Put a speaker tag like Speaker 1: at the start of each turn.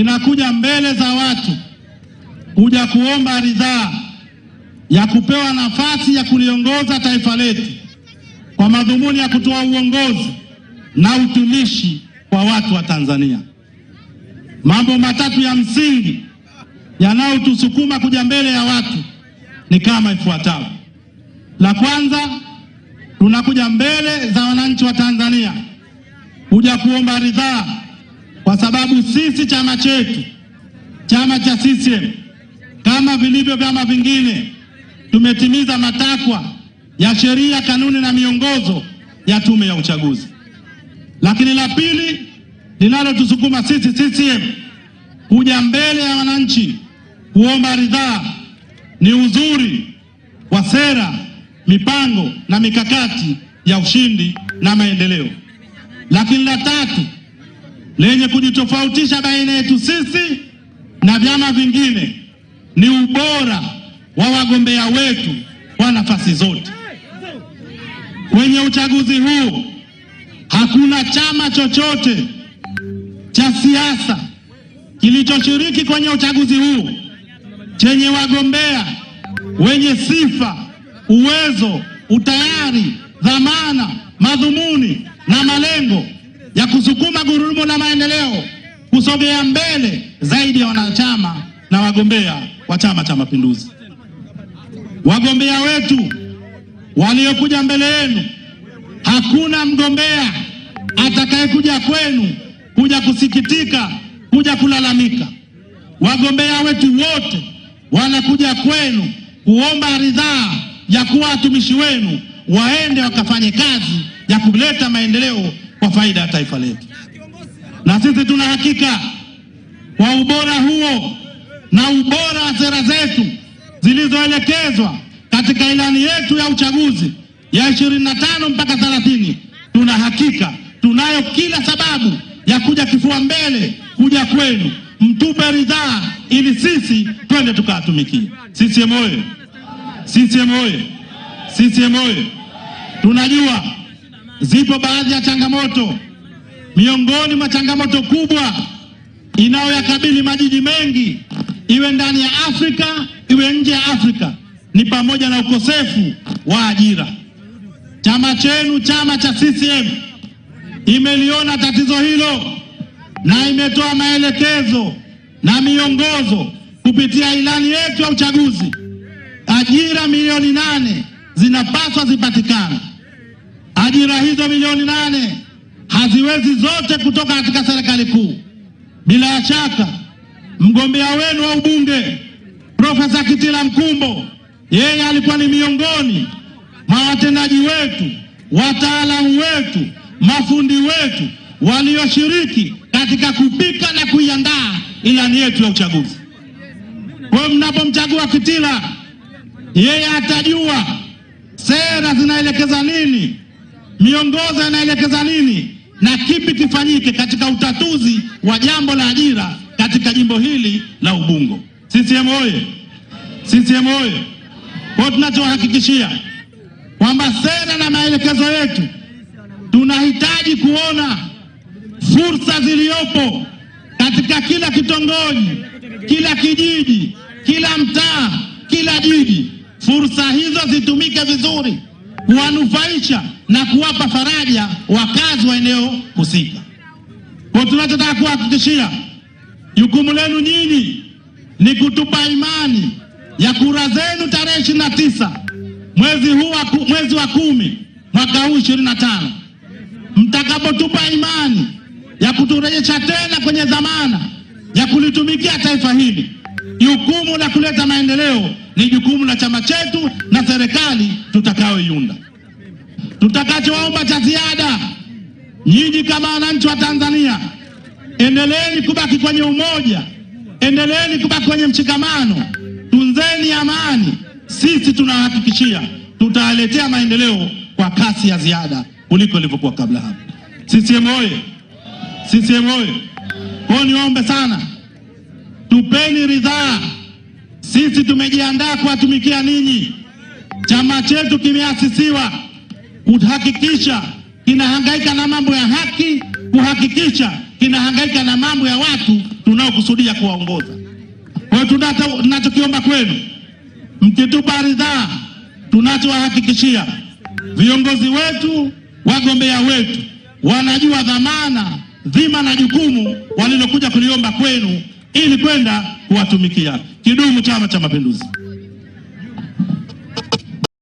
Speaker 1: inakuja mbele za watu kuja kuomba ridhaa ya kupewa nafasi ya kuliongoza taifa letu kwa madhumuni ya kutoa uongozi na utumishi kwa watu wa Tanzania. Mambo matatu ya msingi yanayotusukuma kuja mbele ya watu ni kama ifuatavyo. La kwanza, tunakuja mbele za wananchi wa Tanzania kuja kuomba ridhaa kwa sababu sisi chama chetu, chama cha CCM kama vilivyo vyama vingine, tumetimiza matakwa ya sheria, kanuni na miongozo ya tume ya uchaguzi. Lakini la pili linalotusukuma sisi CCM kuja mbele ya wananchi kuomba ridhaa ni uzuri wa sera, mipango na mikakati ya ushindi na maendeleo. Lakini la tatu lenye kujitofautisha baina yetu sisi na vyama vingine ni ubora wa wagombea wetu kwa nafasi zote. Kwenye uchaguzi huu hakuna chama chochote cha siasa kilichoshiriki kwenye uchaguzi huu chenye wagombea wenye sifa, uwezo, utayari, dhamana, madhumuni na malengo ya kusukuma gurudumu la maendeleo kusogea mbele zaidi ya wanachama na wagombea wa Chama cha Mapinduzi. Wagombea wetu waliokuja mbele yenu, hakuna mgombea atakayekuja kwenu kuja kusikitika, kuja kulalamika. Wagombea wetu wote wanakuja kwenu kuomba ridhaa ya kuwa watumishi wenu, waende wakafanye kazi ya kuleta maendeleo kwa faida ya taifa letu, na sisi tuna hakika kwa ubora huo na ubora wa sera zetu zilizoelekezwa katika ilani yetu ya uchaguzi ya 25 mpaka 30, tuna hakika tunayo kila sababu ya kuja kifua mbele kuja kwenu, mtupe ridhaa ili sisi twende tukawatumikie. CCM oye! CCM oye! CCM oye! Tunajua Zipo baadhi ya changamoto. Miongoni mwa changamoto kubwa inayoyakabili majiji mengi, iwe ndani ya Afrika iwe nje ya Afrika, ni pamoja na ukosefu wa ajira. Chama chenu, chama cha CCM, imeliona tatizo hilo na imetoa maelekezo na miongozo kupitia ilani yetu ya uchaguzi, ajira milioni nane zinapaswa zipatikane. Ajira hizo milioni nane haziwezi zote kutoka katika serikali kuu. Bila shaka mgombea wenu wa ubunge Profesa Kitila Mkumbo, yeye alikuwa ni miongoni mwa watendaji wetu, wataalamu wetu, mafundi wetu walioshiriki katika kupika na kuiandaa ilani yetu ya uchaguzi. Kwa mnapomchagua Kitila, yeye atajua sera zinaelekeza nini miongozo yanaelekeza nini na kipi kifanyike katika utatuzi wa jambo la ajira katika jimbo hili la Ubungo. CCM oye! CCM oye! Kwa tunachohakikishia kwamba sera na maelekezo yetu, tunahitaji kuona fursa ziliyopo katika kila kitongoji, kila kijiji, kila mtaa, kila jiji, fursa hizo zitumike vizuri kuwanufaisha na kuwapa faraja wakazi wa eneo husika. Kwa tunachotaka kuhakikishia, jukumu lenu nyinyi ni kutupa imani ya kura zenu tarehe ishirini na tisa mwezi huu mwezi wa kumi mwaka huu ishirini na tano mtakapotupa imani ya kuturejesha tena kwenye dhamana ya kulitumikia taifa hili Jukumu la kuleta maendeleo ni jukumu la chama chetu na serikali tutakayoiunda. Tutakachoomba cha ziada, nyinyi kama wananchi wa Tanzania, endeleeni kubaki kwenye umoja, endeleeni kubaki kwenye mshikamano, tunzeni amani. Sisi tunahakikishia tutawaletea maendeleo kwa kasi ya ziada kuliko ilivyokuwa kabla hapo. CCM oye! CCM oye! Kwayo niwaombe sana tupeni ridhaa. Sisi tumejiandaa kuwatumikia ninyi. Chama chetu kimeasisiwa kuhakikisha kinahangaika na mambo ya haki, kuhakikisha kinahangaika na mambo ya watu tunaokusudia kuwaongoza. Kwa hiyo tunachokiomba kwenu, mkitupa ridhaa, tunachowahakikishia viongozi wetu, wagombea wetu wanajua dhamana, dhima na jukumu walilokuja kuliomba kwenu ili kwenda kuwatumikia. Kidumu Chama cha Mapinduzi!